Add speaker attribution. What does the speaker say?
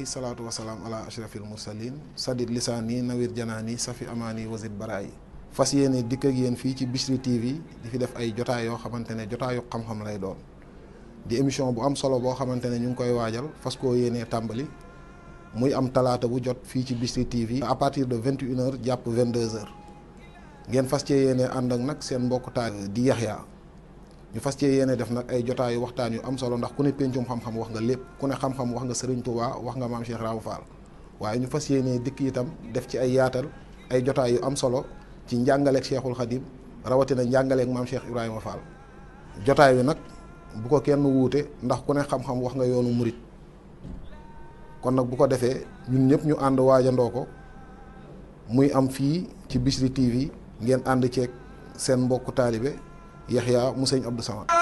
Speaker 1: i salaatu wasalaam ala ashrafil mursalin sadid lisaani nawir janaani safi amaani wasid baraay fas yéene dikk ak yéen fii ci Bichri TV di fi def ay jotaay yoo xamante ne jotaayu xam-xam lay doon di émission bu am solo boo xamante ne ñu ngi koy waajal fas koo yéenee tàmbali muy am talaata bu jot fii ci Bichri TV à partir de vingt et une heures jàpp vingt deux heures ngeen fas cee yéenee ànd ak nag seen mbokk taal di Yaxya ñu fas cee yéene def nag ay jotaayu waxtaan yu am solo ndax ku ne péncum xam-xam wax nga lépp ku ne xam-xam wax nga Serigne Touba wax nga maam Cheikh Rawa Fall waaye ñu fas yéene dikk itam def ci ay yaatal ay jotaay yu am solo ci njàngaleeg Cheikhul Khadim rawatina njàngaleeg maam Cheikh Ibrahima Fall jotaay wi nag bu ko kenn wuute ndax ku ne xam-xam wax nga yoonu murit kon nag bu ko defee ñun ñëpp ñu ànd waajandoo ko muy am fii ci Bichri TV ngeen ànd ceeg seen mbokku taalibe Yaxya mu sëñ Abdou Samad